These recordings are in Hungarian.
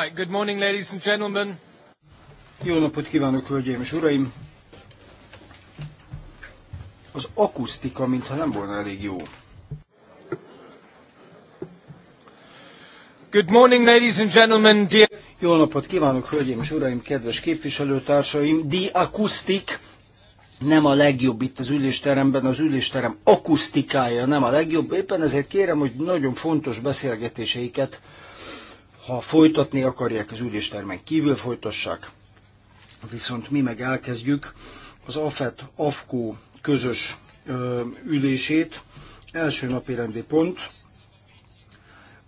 Right, good morning, ladies and gentlemen. Jó napot kívánok, hölgyeim és uraim! Az akusztika, mintha nem volna elég jó. Good morning, ladies and gentlemen, dear... Jó napot kívánok, hölgyeim és uraim, kedves képviselőtársaim! The acoustic nem a legjobb itt az ülésteremben, az ülésterem akusztikája nem a legjobb, éppen ezért kérem, hogy nagyon fontos beszélgetéseiket ha folytatni akarják az üléstermen kívül, folytassák. Viszont mi meg elkezdjük az AFET, AFKO közös ö, ülését. Első napi rendi pont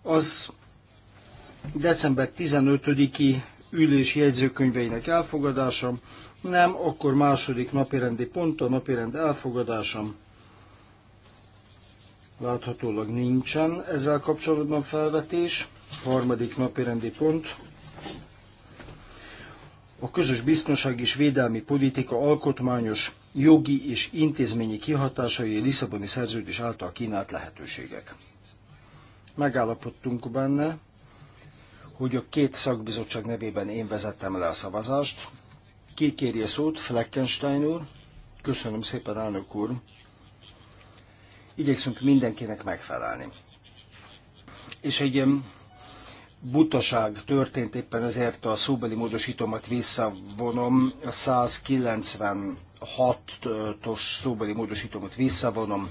az december 15-i ülés jegyzőkönyveinek elfogadása, nem, akkor második rendi pont a rend elfogadása. Láthatólag nincsen ezzel kapcsolatban felvetés harmadik napirendi pont. A közös biztonság és védelmi politika alkotmányos, jogi és intézményi kihatásai a Lisszaboni szerződés által kínált lehetőségek. Megállapodtunk benne, hogy a két szakbizottság nevében én vezettem le a szavazást. Ki kéri a szót? Fleckenstein úr. Köszönöm szépen, elnök úr. Igyekszünk mindenkinek megfelelni. És egy butaság történt, éppen ezért a szóbeli módosítomat visszavonom, a 196-os szóbeli módosítomat visszavonom.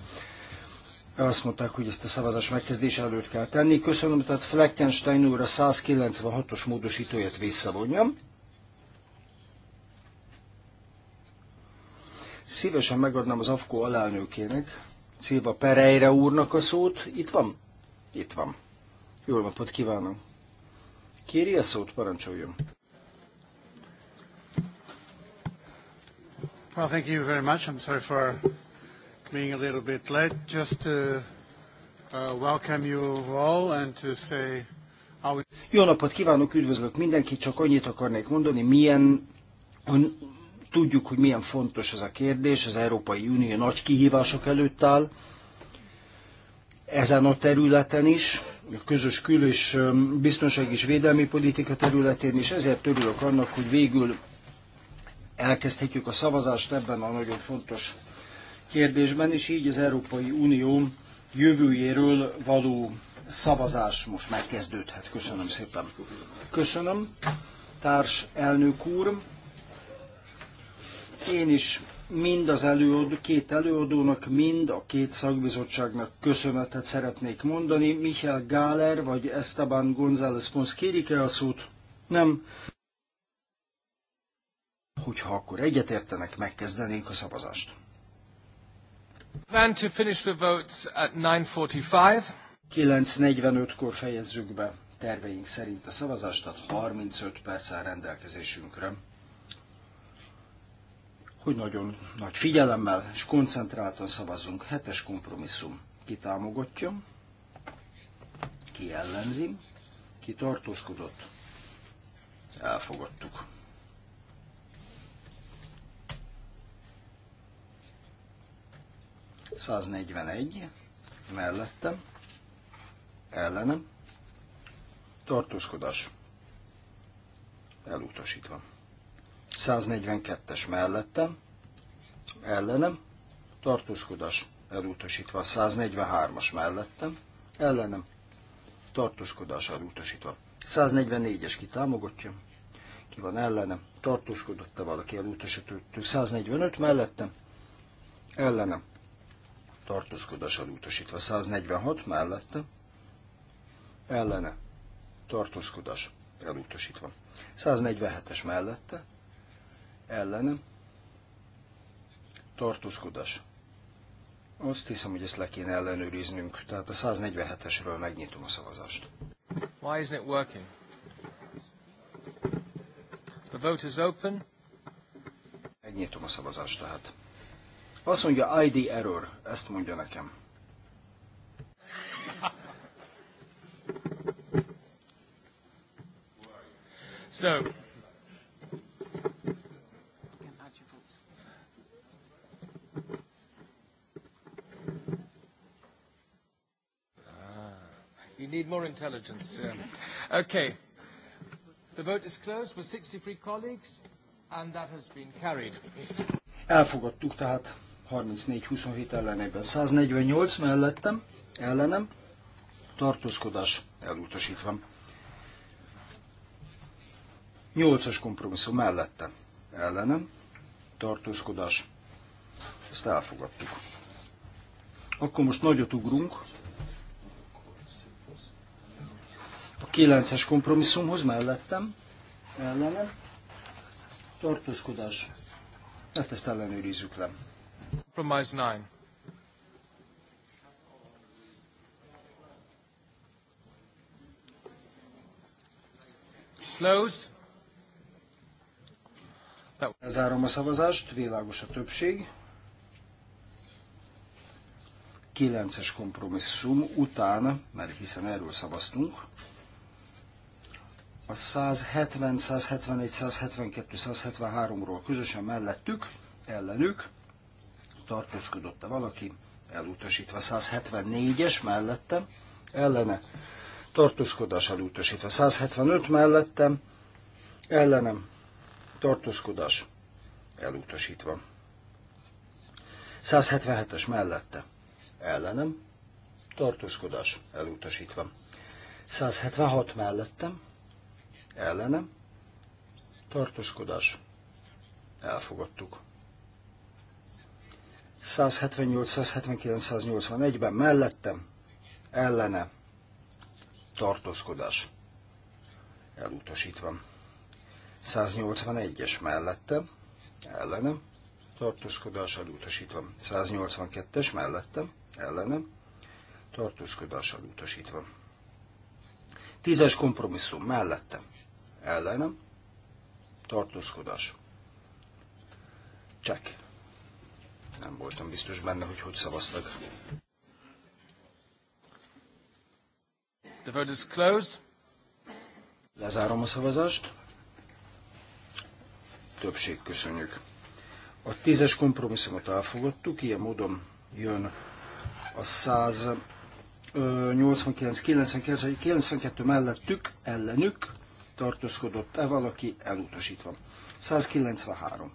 Azt mondták, hogy ezt a szavazás megkezdés előtt kell tenni. Köszönöm, tehát Fleckenstein úr a 196-os módosítóját visszavonjam. Szívesen megadnám az AFKO alelnőkének, Szilva Pereira úrnak a szót. Itt van? Itt van. Jó napot kívánok! Kéri a szót, parancsoljon. Well, thank you very much. I'm sorry for being a little bit late. Just to uh, welcome you all and to say how... Jó napot kívánok, üdvözlök mindenkit, csak annyit akarnék mondani, milyen tudjuk, hogy milyen fontos ez a kérdés, az Európai Unió nagy kihívások előtt áll, ezen a területen is, a közös kül- és biztonság és védelmi politika területén is, ezért örülök annak, hogy végül elkezdhetjük a szavazást ebben a nagyon fontos kérdésben, és így az Európai Unió jövőjéről való szavazás most megkezdődhet. Köszönöm szépen. Köszönöm, társ elnök úr. Én is mind az előadó, két előadónak, mind a két szakbizottságnak köszönetet szeretnék mondani. Michel Gáler vagy Esteban González Pons kérik-e a szót? Nem. Hogyha akkor egyetértenek, megkezdenénk a szavazást. to finish the votes at 9.45. 9.45-kor fejezzük be terveink szerint a szavazást, tehát 35 perc rendelkezésünkre hogy nagyon nagy figyelemmel és koncentráltan szavazzunk. Hetes kompromisszum. Ki támogatja, ki ellenzi, ki tartózkodott. Elfogadtuk. Száznegyvenegy mellettem, ellenem, tartózkodás elutasítva. 142-es mellettem, ellenem, tartózkodás elutasítva. 143-as mellettem, ellenem, tartózkodás elutasítva. 144-es kitámogatja, ki van ellenem, tartózkodott-e valaki elutasítva, 145 mellettem, ellenem, tartózkodás elutasítva. 146 mellettem, ellene, tartózkodás elutasítva. 147-es mellette, ellenem tartózkodás. Azt hiszem, hogy ezt le kéne ellenőriznünk. Tehát a 147-esről megnyitom a szavazást. Why isn't it working? The vote is open. Megnyitom a szavazást tehát. Azt mondja ID error, ezt mondja nekem. So, need more intelligence. Um, Okay. The vote is closed with 63 colleagues, and that has been carried. Elfogadtuk tehát 34-27 ellenében. 148 mellettem, ellenem, tartózkodás elutasítva. 8-as kompromisszum mellette, ellenem, tartózkodás, ezt elfogadtuk. Akkor most nagyot ugrunk, 9-es kompromisszumhoz mellettem, ellenem, tartózkodás. Hát ezt ellenőrizzük le. Compromise 9. Closed. Lezárom a szavazást, világos a többség. 9-es kompromisszum után, mert hiszen erről szavaztunk, a 170, 171, 172, 173-ról közösen mellettük, ellenük tartózkodott-e valaki, elutasítva 174-es mellette, ellene tartózkodás elutasítva 175 mellettem, ellenem tartózkodás elutasítva. 177-es mellette, ellenem tartózkodás elutasítva. 176 mellettem, ellenem, Tartoskodás. elfogadtuk. 178-179-181-ben mellettem, ellene, tartózkodás, elutasítva. 181-es mellettem, ellenem, tartózkodás elutasítva. 182-es mellettem, ellenem, tartózkodás elutasítva. Tízes kompromisszum mellettem, ellenem, tartózkodás. Csak. Nem voltam biztos benne, hogy hogy szavaztak. The vote is closed. Lezárom a szavazást. Többség köszönjük. A tízes kompromisszumot elfogadtuk, ilyen módon jön a 189, 92 mellettük, ellenük, tartózkodott-e valaki, elutasítva. 193.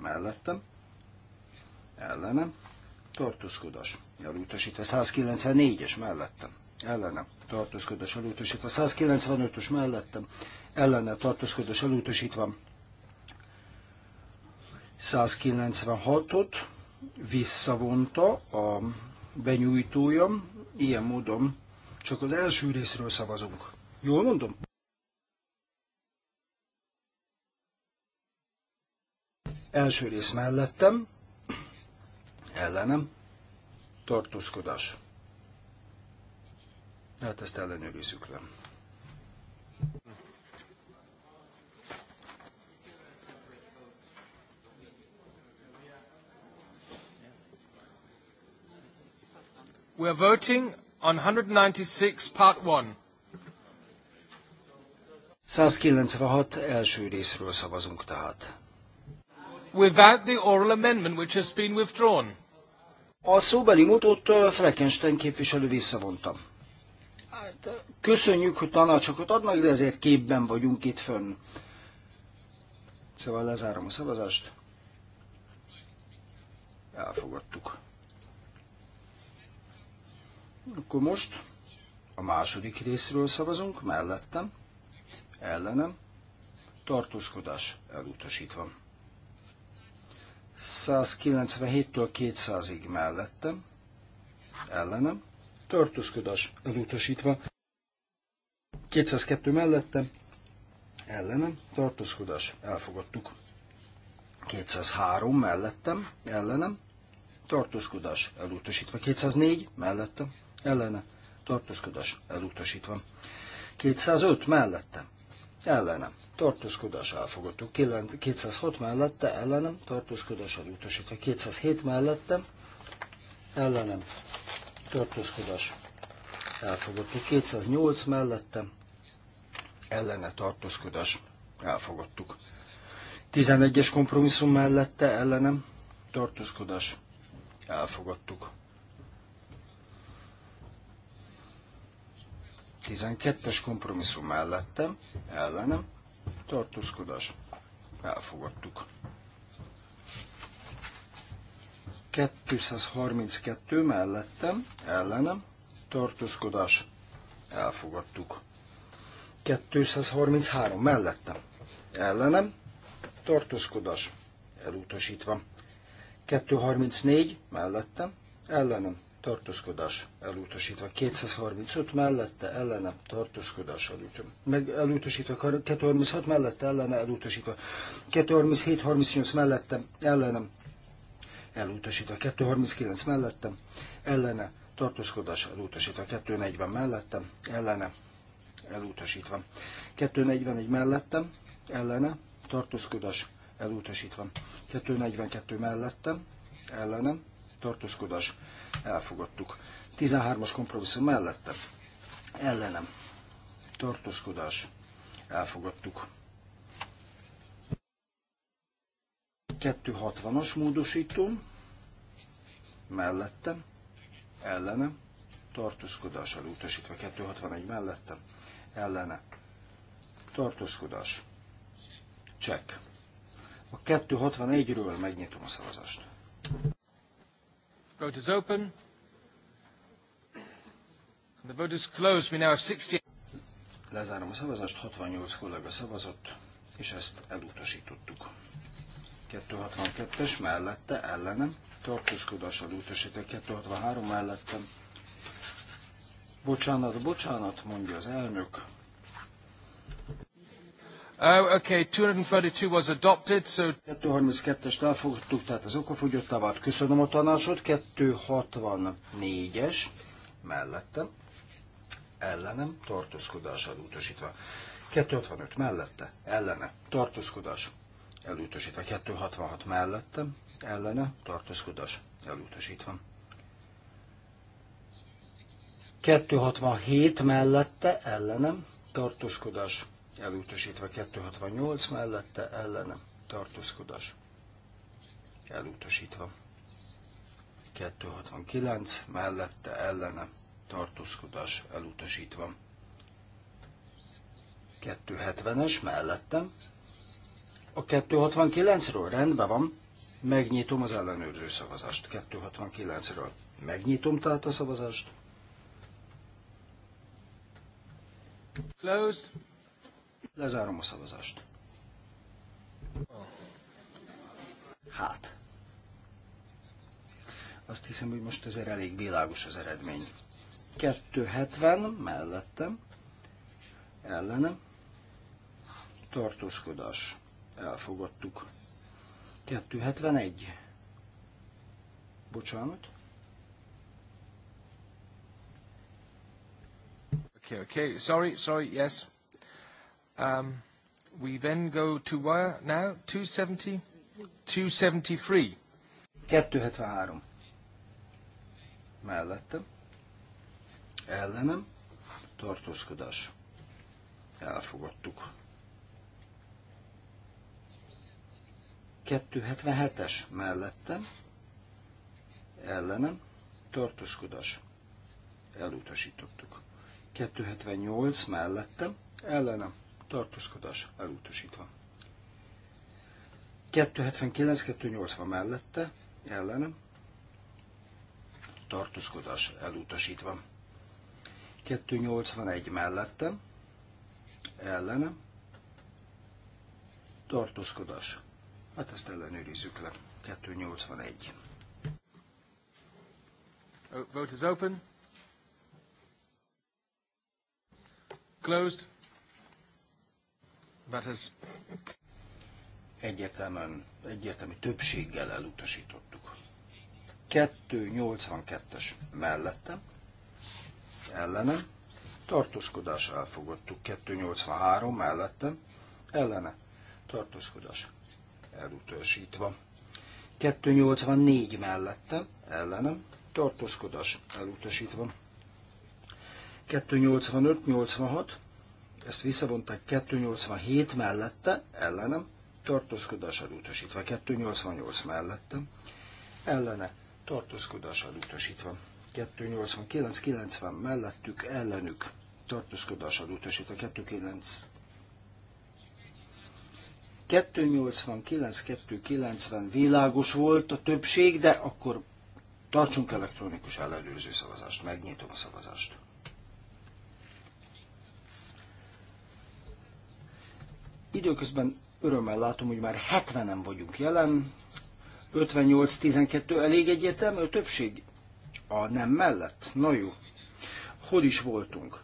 Mellettem, ellenem, tartózkodás, elutasítva. 194-es mellettem, ellenem, tartózkodás, elutasítva. 195-ös mellettem, ellene, tartózkodás, elutasítva. 196-ot visszavonta a benyújtója, ilyen módon csak az első részről szavazunk. Jól mondom? Első rész mellettem, ellenem, tartózkodás. Hát ezt ellenőrizzük le. We are voting on 196 part 1. 196 első részről szavazunk tehát without the oral amendment which has been withdrawn. A szóbeli mutót Frankenstein képviselő visszavonta. köszönjük, hogy tanácsokat adnak, de ezért képben vagyunk itt fönn. Szóval lezárom a szavazást. Elfogadtuk. Akkor most a második részről szavazunk, mellettem, ellenem, tartózkodás elutasítva. 197-től 200-ig mellettem, ellenem, tartózkodás elutasítva, 202 mellettem, ellenem, tartózkodás elfogadtuk, 203 mellettem, ellenem, tartózkodás elutasítva, 204 mellettem, ellene, tartózkodás elutasítva, 205 mellettem, ellenem, tartózkodás elfogadtuk. 206 mellette ellenem, tartózkodás elutasítva. 207 mellette ellenem, tartózkodás elfogadtuk. 208 mellette ellene tartózkodás elfogadtuk. 11-es kompromisszum mellette ellenem tartózkodás elfogadtuk. 12-es kompromisszum mellettem, ellenem, tartózkodás, elfogadtuk. 232 mellettem, ellenem, tartózkodás, elfogadtuk. 233 mellettem, ellenem, tartózkodás, elutasítva. 234 mellettem, ellenem, tartózkodás elutasítva. 235 mellette ellene tartózkodás elutasítva. Meg elutasítva 236 mellette ellene elutasítva. 237 38 mellette ellenem elutasítva. 239 mellette ellene tartózkodás elutasítva. 240 mellette ellene elutasítva. 241 mellette ellene tartózkodás elutasítva. 242 mellette ellenem tartózkodás, elfogadtuk. 13-as kompromisszum mellette, ellenem, tartózkodás, elfogadtuk. 260-as módosító, mellettem, ellenem, tartózkodás elutasítva, 261 mellettem, ellene, tartózkodás, csekk. A 261-ről megnyitom a szavazást. Vote is open. The vote is closed. We now have 60... Lezárom a szavazást, 68 kollega szavazott, és ezt elutasítottuk. 262-es mellette, ellenem, tartózkodás utasítok, 263 mellettem. Bocsánat, bocsánat, mondja az elnök, Oh, okay, 232 was adopted, so... 232-est elfogadtuk, tehát az okafogyott tavát. Köszönöm a tanácsot. 264-es mellettem, ellenem, tartózkodás elutasítva. 265 mellette, ellene, tartózkodás elutasítva. 266 mellettem, ellene, tartózkodás elutasítva. 267 mellette, ellenem, tartózkodás elutasítva 268 mellette ellenem tartózkodás elutasítva 269 mellette ellenem tartózkodás elutasítva 270-es mellettem a 269-ről rendben van megnyitom az ellenőrző szavazást 269-ről megnyitom tehát a szavazást Closed. Lezárom a szavazást. Hát. Azt hiszem, hogy most azért elég világos az eredmény. 270 mellettem, ellenem, tartózkodás, elfogadtuk. 271, bocsánat. Okay, okay, sorry, sorry, yes. Um, we then go to where now? 270? 273. 273. Mellettem. Ellenem. Tartózkodás. Elfogadtuk. 277-es mellettem. Ellenem. Tartózkodás. Elutasítottuk. 278 mellettem. Ellenem tartózkodás elutasítva. 279-280 mellette, ellenem, tartózkodás elutasítva. 281 mellette, ellenem, tartózkodás. Hát ezt ellenőrizzük le. 281. Vote is open. Closed. Egyetemen, Egyértelműen, többséggel elutasítottuk. 282-es mellettem, ellenem, tartózkodás elfogadtuk. 283 mellettem, ellene, tartózkodás elutasítva. 284 mellettem, ellenem, tartózkodás elutasítva. 285-86 ezt visszavonták 287 mellette, ellenem, tartózkodással utasítva, 288 mellette, ellene, tartózkodással utasítva, 289, 90 mellettük, ellenük, tartózkodással utasítva, 29, 289-290 világos volt a többség, de akkor tartsunk elektronikus ellenőrző szavazást, megnyitom a szavazást. Időközben örömmel látom, hogy már 70-en vagyunk jelen, 58-12 elég egyértelmű a többség? A nem mellett? Na jó. hogy is voltunk?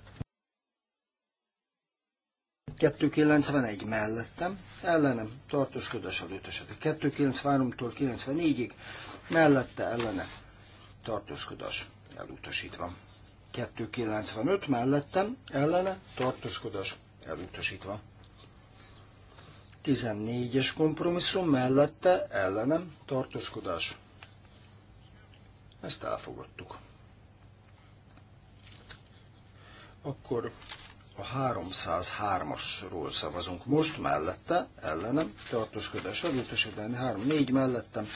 291 mellettem, ellenem, tartózkodás előtt esetek. 293-tól 94-ig, mellette ellene, tartózkodás elutasítva. 295 mellettem, ellene, tartózkodás elutasítva. 14-es kompromisszum mellette ellenem tartózkodás. Ezt elfogadtuk. Akkor a 303-asról szavazunk most mellette, ellenem tartózkodás elutasítva, 3-4 mellettem,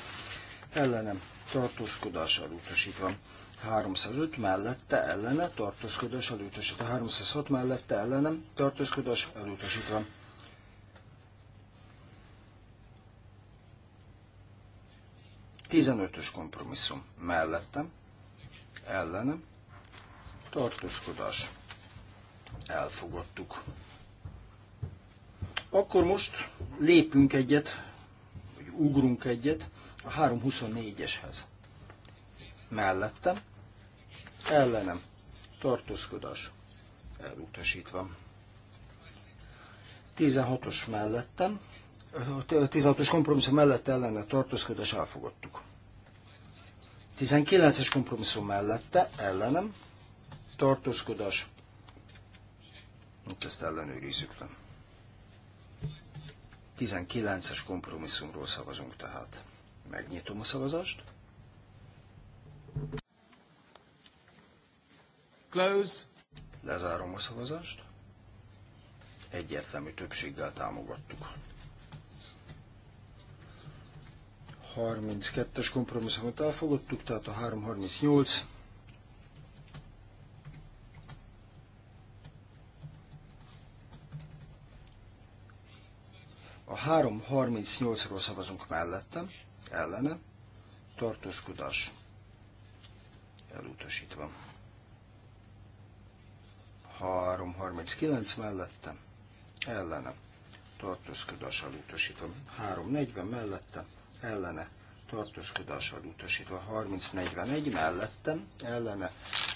ellenem tartózkodás elutasítva. 305 mellette ellene tartózkodás elutasítva, 306 mellette ellenem tartózkodás elutasítva. 15-ös kompromisszum mellettem, ellenem, tartózkodás. Elfogadtuk. Akkor most lépünk egyet, vagy ugrunk egyet a 324-eshez. Mellettem, ellenem, tartózkodás. Elutasítva. 16-os mellettem, 16-os kompromisszum mellett ellene tartózkodás elfogadtuk. 19-es kompromisszum mellette, ellenem, tartózkodás. ezt ellenőrizzük le. 19-es kompromisszumról szavazunk tehát. Megnyitom a szavazást. Closed. Lezárom a szavazást. Egyértelmű többséggel támogattuk. 332 es kompromisszumot elfogadtuk, tehát a 338. A 338-ról szavazunk mellettem, ellene, tartózkodás elutasítva. 339 mellettem, ellene, tartózkodás elutasítva. 340 mellettem, ellene tartózkodással utasítva 3041 mellettem, ellene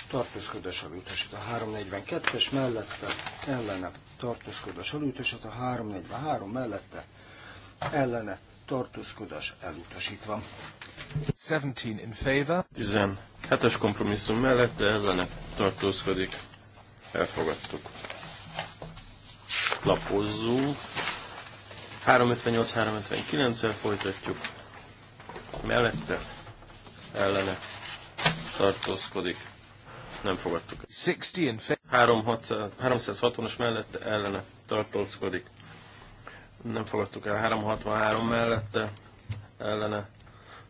tartózkodással utasítva 342-es mellette, ellene tartózkodással utasítva 343 mellette, ellene tartózkodás elutasítva. 17 in favor. 17-es kompromisszum mellette ellene tartózkodik. Elfogadtuk. Lapozzunk. 358-359-el folytatjuk mellette ellene tartózkodik. Nem fogadtuk. 360-as mellette ellene tartózkodik. Nem fogadtuk el. 363 mellette ellene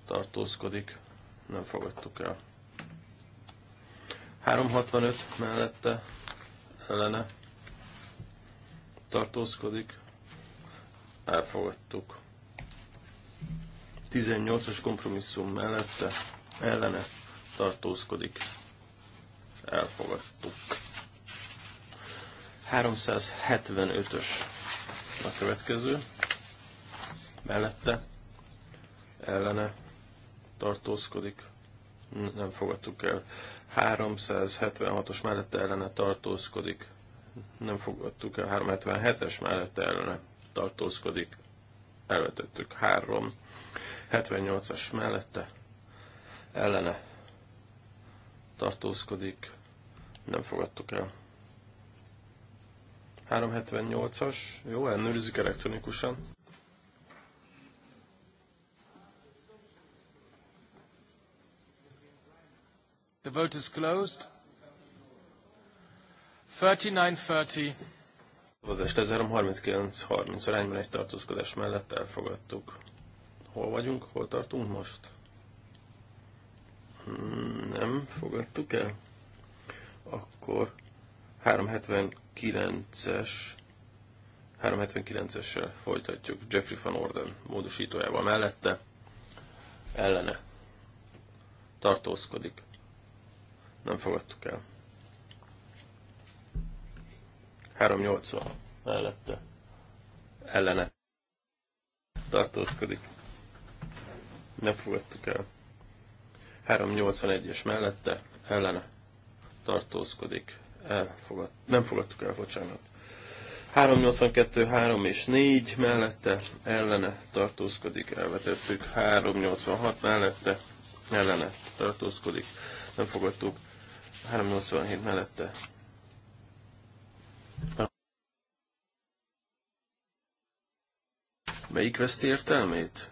tartózkodik. Nem fogadtuk el. 365 mellette ellene tartózkodik. Elfogadtuk. 18-as kompromisszum mellette ellene tartózkodik. Elfogadtuk. 375-ös a következő. Mellette ellene tartózkodik. Nem fogadtuk el. 376-os mellette ellene tartózkodik. Nem fogadtuk el. 377-es mellette ellene tartózkodik elvetettük. három 78-as mellette ellene tartózkodik, nem fogadtuk el. 378-as, jó, ellenőrizzük elektronikusan. The vote is closed. 3930. Szavazást lezárom, 39-30 arányban egy tartózkodás mellett elfogadtuk. Hol vagyunk, hol tartunk most? Hmm, nem fogadtuk el? Akkor 379-es 379-essel folytatjuk Jeffrey van Orden módosítójával mellette, ellene tartózkodik. Nem fogadtuk el. 380 mellette ellene tartózkodik. Nem fogadtuk el. 381-es mellette ellene tartózkodik. Elfogad, nem fogadtuk el, bocsánat. 382, 3 és 4 mellette ellene tartózkodik, elvetettük. 386 mellette ellene tartózkodik, nem fogadtuk. 387 mellette Melyik veszti értelmét?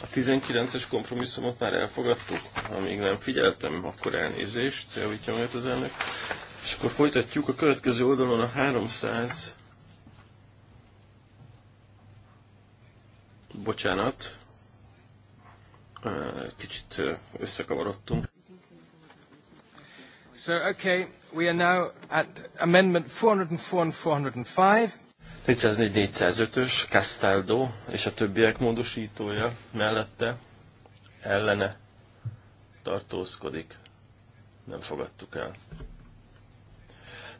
A 19-es kompromisszumot már elfogadtuk? Ha még nem figyeltem, akkor elnézést, javítja meg az elnök. És akkor folytatjuk a következő oldalon a 300... Bocsánat, kicsit összekavarodtunk. So, okay, we are now at amendment 404 and 405. 404 ös Castaldo és a többiek módosítója mellette ellene tartózkodik. Nem fogadtuk el.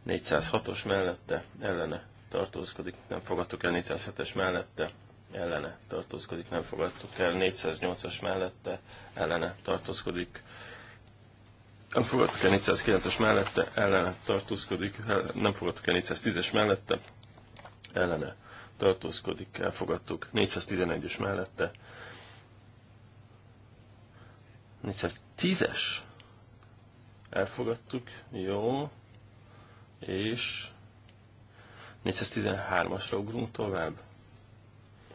406-os mellette ellene tartózkodik, nem fogadtuk el. 407-es mellette ellene tartózkodik, nem fogadtuk el. 408-as mellette ellene tartózkodik, nem fogadtak el 409-es mellette, ellene tartózkodik, nem fogadtuk el 410-es mellette, ellene tartózkodik, elfogadtuk 411-es mellette. 410-es elfogadtuk, jó, és 413-asra ugrunk tovább.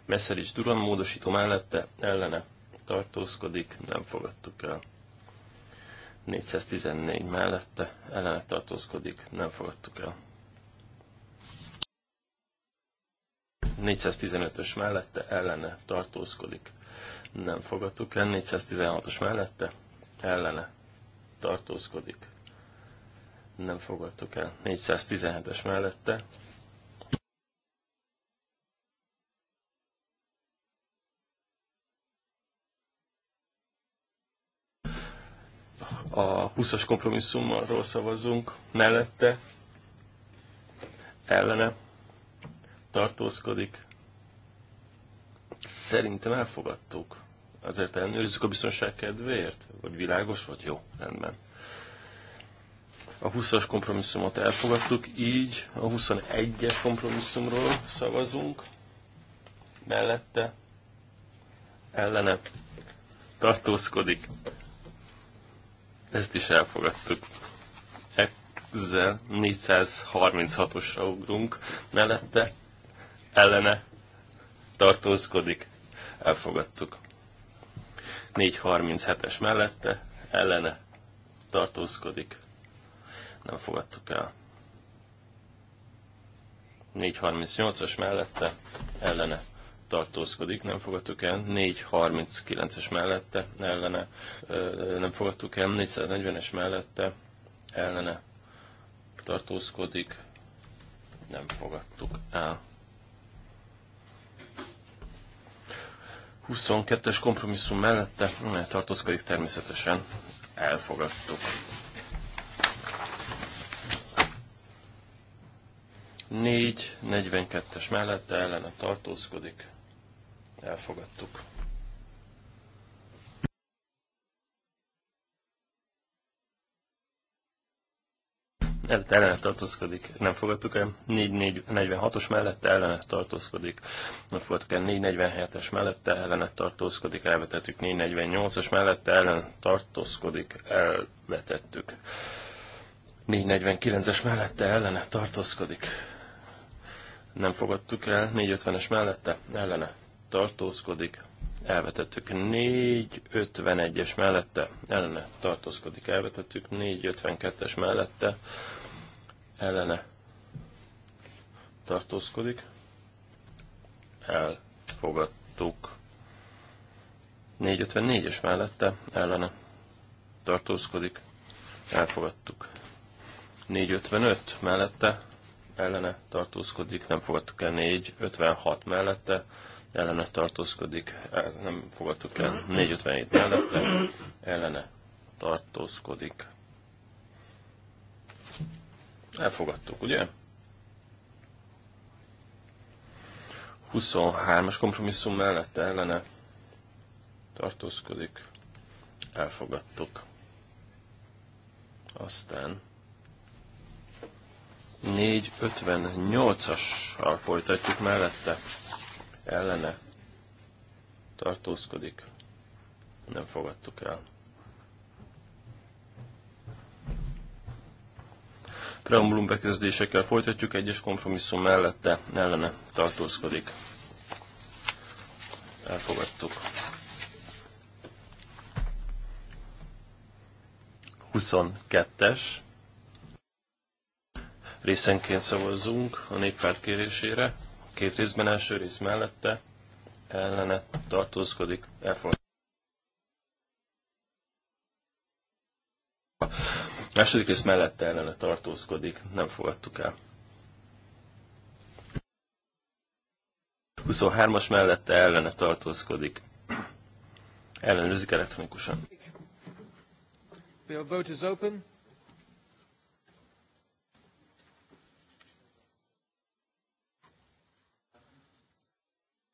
Messzer is Duran módosító mellette, ellene tartózkodik, nem fogadtuk el. 414 mellette ellene tartózkodik, nem fogadtuk el. 415-ös mellette ellene tartózkodik, nem fogadtuk el. 416-os mellette ellene tartózkodik, nem fogadtuk el. 417-es mellette a 20-as kompromisszumról szavazunk mellette, ellene, tartózkodik. Szerintem elfogadtuk. Azért ellenőrizzük a biztonság kedvéért? Vagy világos vagy? Jó, rendben. A 20-as kompromisszumot elfogadtuk, így a 21-es kompromisszumról szavazunk. Mellette, ellene, tartózkodik. Ezt is elfogadtuk. Ezzel 436-osra ugrunk, mellette ellene tartózkodik, elfogadtuk. 437-es mellette ellene tartózkodik, nem fogadtuk el. 438-as mellette ellene tartózkodik, nem fogadtuk el, 439-es mellette, ellene, nem fogadtuk el, 440-es mellette, ellene tartózkodik, nem fogadtuk el. 22-es kompromisszum mellette tartózkodik természetesen, elfogadtuk. 4, 42-es mellette ellene tartózkodik, elfogadtuk. ellenet tartózkodik, nem fogadtuk el, 446-os mellette ellenet tartózkodik, nem fogadtuk el, 447-es mellette ellenet tartózkodik, elvetettük, 448-as mellette ellen tartózkodik, elvetettük. 449-es mellette ellenet tartózkodik, nem fogadtuk el, 450-es mellette ellenet tartózkodik, elvetettük 451-es mellette, ellene tartózkodik, elvetettük 452-es mellette, ellene tartózkodik, elfogadtuk 454-es mellette, ellene tartózkodik, elfogadtuk 455 mellette, ellene tartózkodik, nem fogadtuk el 456 mellette, ellene tartózkodik, el, nem fogadtuk el, 457 mellette, ellene tartózkodik. Elfogadtuk, ugye? 23-as kompromisszum mellett ellene tartózkodik. Elfogadtuk. Aztán 458-assal folytatjuk mellette ellene tartózkodik, nem fogadtuk el. Preambulum bekezdésekkel folytatjuk, egyes kompromisszum mellette ellene tartózkodik. Elfogadtuk. 22-es részenként szavazzunk a néppárt kérésére. Két részben első rész mellette ellene tartózkodik, A Második rész mellette ellene tartózkodik, nem fogadtuk el. 23-as mellette ellene tartózkodik. Ellenőrzik elektronikusan. The vote is open.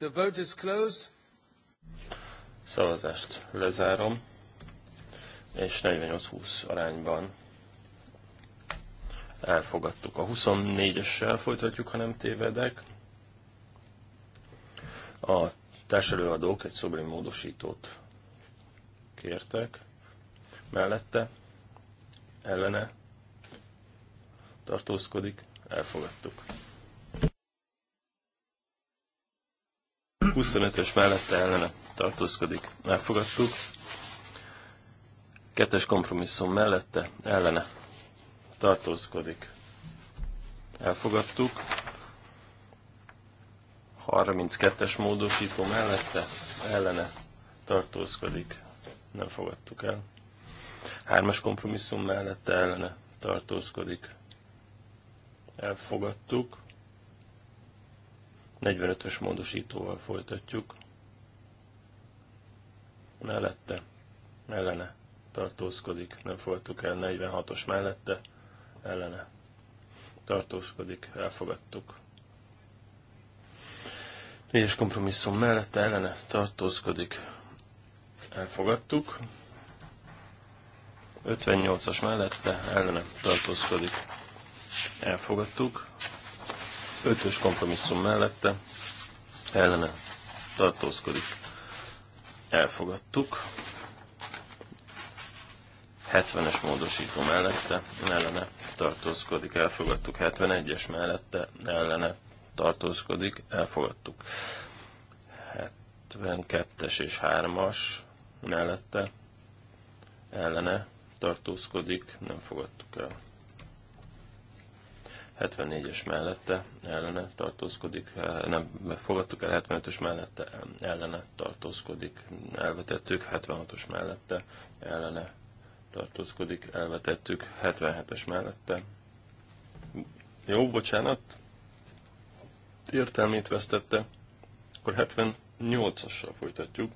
The vote is closed. Szavazást lezárom, és 48-20 arányban elfogadtuk. A 24-essel folytatjuk, ha nem tévedek. A társelőadók egy szobri módosítót kértek mellette, ellene tartózkodik, elfogadtuk. 25-ös mellette ellene tartózkodik, elfogadtuk. Kettes kompromisszum mellette ellene tartózkodik, elfogadtuk. 32-es módosító mellette ellene tartózkodik, nem fogadtuk el. Hármas kompromisszum mellette ellene tartózkodik, elfogadtuk. 45-ös módosítóval folytatjuk. Mellette, ellene tartózkodik, nem fogadtuk el. 46-os mellette, ellene tartózkodik, elfogadtuk. 4-es kompromisszum mellette, ellene tartózkodik, elfogadtuk. 58-as mellette, ellene tartózkodik, elfogadtuk. Ötös kompromisszum mellette ellene tartózkodik. Elfogadtuk. 70-es módosító mellette ellene tartózkodik, elfogadtuk. 71-es mellette ellene tartózkodik, elfogadtuk. 72-es és 3-as mellette ellene tartózkodik, nem fogadtuk el. 74-es mellette ellene tartózkodik, nem fogadtuk el, 75-ös mellette ellene tartózkodik, elvetettük, 76-os mellette ellene tartózkodik, elvetettük, 77-es mellette. Jó, bocsánat, értelmét vesztette, akkor 78-assal folytatjuk.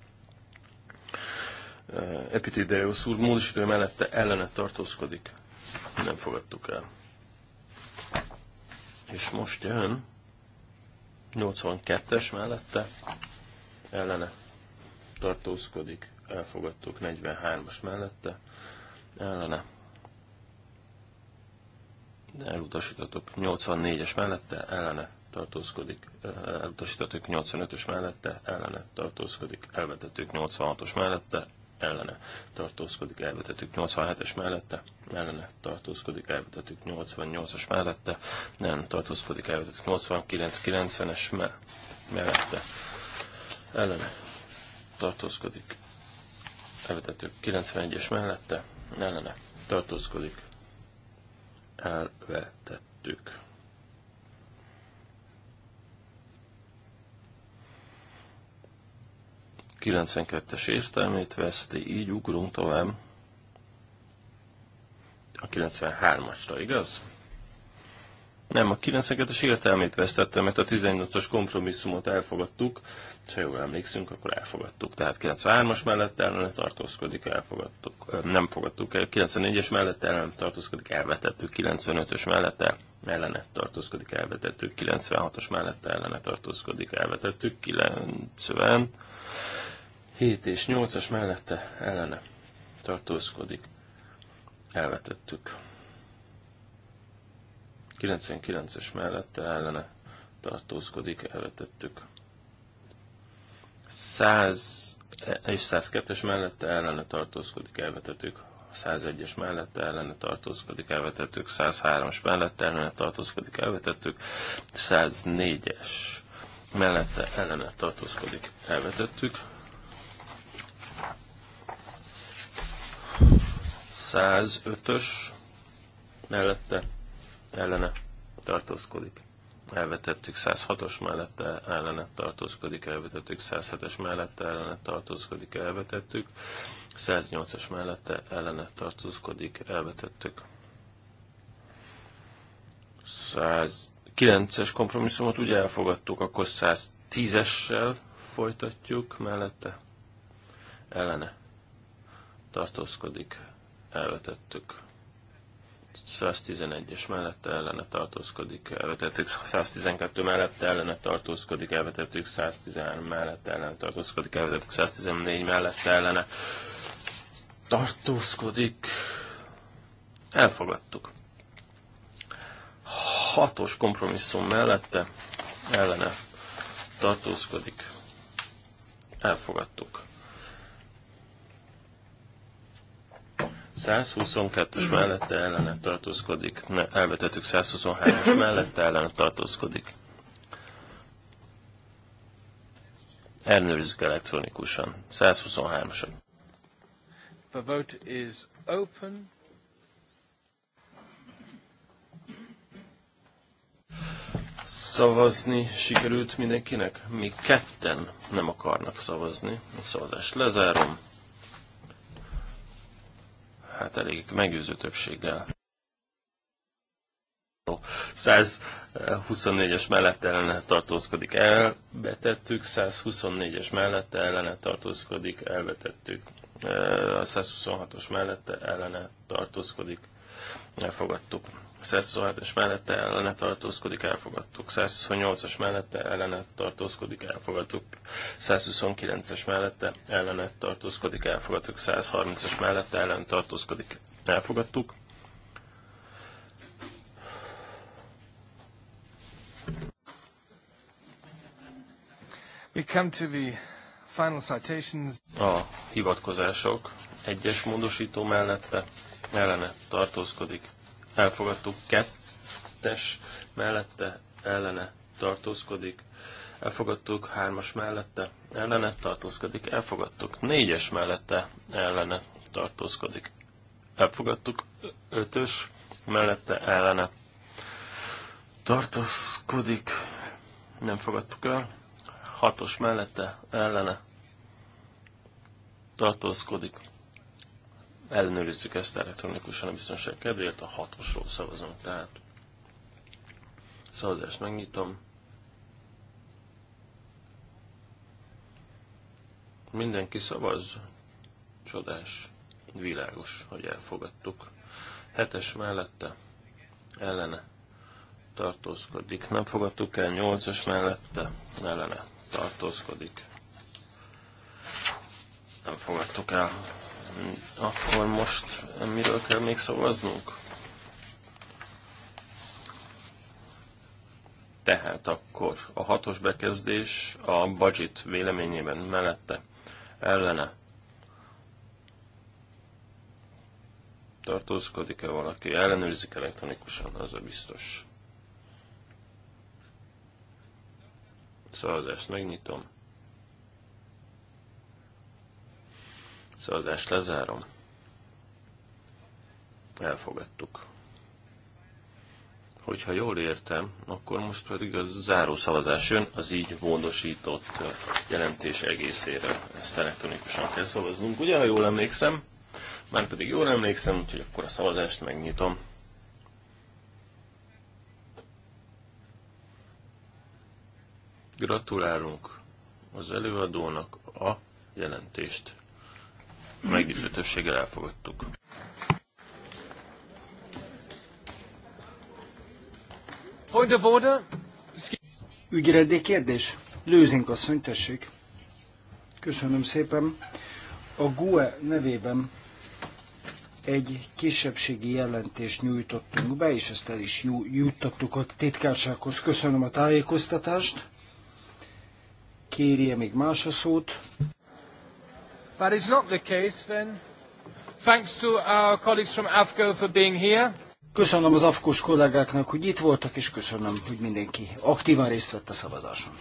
Epitideus úr módosítő mellette ellene tartózkodik, nem fogadtuk el. És most jön 82-es mellette ellene tartózkodik, elfogadtuk 43-as mellette ellene elutasítottuk 84-es mellette ellene tartózkodik, elutasítottuk 85-ös mellette ellene tartózkodik, elvetettük 86-os mellette ellene tartózkodik, elvetettük 87-es mellette, ellene tartózkodik, elvetettük 88-as mellette, nem tartózkodik, elvetettük 89-90-es me mellette, ellene tartózkodik, elvetettük 91-es mellette, ellene tartózkodik, elvetettük 92-es értelmét veszti, így ugrunk tovább a 93-asra, igaz? Nem, a 92-es értelmét vesztettem, mert a 18-as kompromisszumot elfogadtuk, és ha jól emlékszünk, akkor elfogadtuk. Tehát 93-as mellett nem tartózkodik, elfogadtuk. Nem fogadtuk el. 94-es mellett ellen tartózkodik, elvetettük. 95-ös mellett el ellene tartózkodik, elvetettük, 96-os mellett ellene tartózkodik, elvetettük, 97 és 8-as mellette ellene tartózkodik, elvetettük. 99-es mellette ellene tartózkodik, elvetettük. 100 és 102-es mellette ellene tartózkodik, elvetettük. 101-es mellette ellene tartózkodik, elvetettük 103-as mellette ellene tartózkodik, elvetettük 104-es mellette ellene tartózkodik, elvetettük 105-ös mellette ellene tartózkodik elvetettük 106-os mellette ellene tartózkodik, elvetettük 107-es mellette ellene tartózkodik, elvetettük 108-as mellette ellene tartózkodik, elvetettük. 109-es kompromisszumot ugye elfogadtuk, akkor 110-essel folytatjuk mellette. Ellene tartózkodik, elvetettük. 111-es mellette ellene tartózkodik, elvetettük 112 mellette ellene tartózkodik, elvetettük 113 mellette ellene tartózkodik, elvetettük 114 mellette ellene tartózkodik. Elfogadtuk. Hatos kompromisszum mellette ellene tartózkodik. Elfogadtuk. 122-es mellette ellene tartózkodik, elvetettük 123-as mellette ellene tartózkodik. Ellenőrizzük elektronikusan. 123-asat. The vote is open. Szavazni sikerült mindenkinek? Mi ketten nem akarnak szavazni. A szavazást lezárom hát elég meggyőző többséggel. 124-es mellett ellene tartózkodik, elvetettük, 124-es mellette ellene tartózkodik, elvetettük. A 126-os mellette ellene tartózkodik, elfogadtuk. 127-es mellette ellene tartózkodik, elfogadtuk. 128-as mellette ellene tartózkodik, elfogadtuk. 129-es mellette ellene tartózkodik, elfogadtuk. 130-as mellette ellen tartózkodik, elfogadtuk. We come to the final citations. A hivatkozások egyes módosító mellette ellene tartózkodik, elfogadtuk, kettes mellette ellene tartózkodik, elfogadtuk, hármas mellette ellene tartózkodik, elfogadtuk, négyes mellette ellene tartózkodik, elfogadtuk, ötös mellette ellene tartózkodik, nem fogadtuk el, hatos mellette ellene tartózkodik, ellenőrizzük ezt elektronikusan a biztonság kedvéért, a hatosról szavazunk tehát. Szavazást megnyitom. Mindenki szavaz. Csodás. Világos, hogy elfogadtuk. Hetes mellette. Ellene. Tartózkodik. Nem fogadtuk el. Nyolcas mellette. Ellene. Tartózkodik. Nem fogadtuk el. Akkor most miről kell még szavaznunk? Tehát akkor a hatos bekezdés a budget véleményében mellette ellene tartózkodik-e valaki, ellenőrzik elektronikusan, az a biztos. Szavazást megnyitom. Szavazást lezárom. Elfogadtuk. Hogyha jól értem, akkor most pedig a záró szavazás jön az így módosított jelentés egészére. Ezt elektronikusan kell szavaznunk, ugye, ha jól emlékszem? Már pedig jól emlékszem, úgyhogy akkor a szavazást megnyitom. Gratulálunk az előadónak a jelentést meggyőző többséggel elfogadtuk. Point of order. Ügyrendi kérdés. Lőzink asszony, tessék. Köszönöm szépen. A GUE nevében egy kisebbségi jelentést nyújtottunk be, és ezt el is juttattuk a titkársághoz. Köszönöm a tájékoztatást. Kérje még más a szót. That is not the case then. Thanks to our colleagues from AFCO for being here. Köszönöm az afkos kollégáknak, hogy itt voltak, és köszönöm, hogy mindenki aktívan részt vett a szavazáson.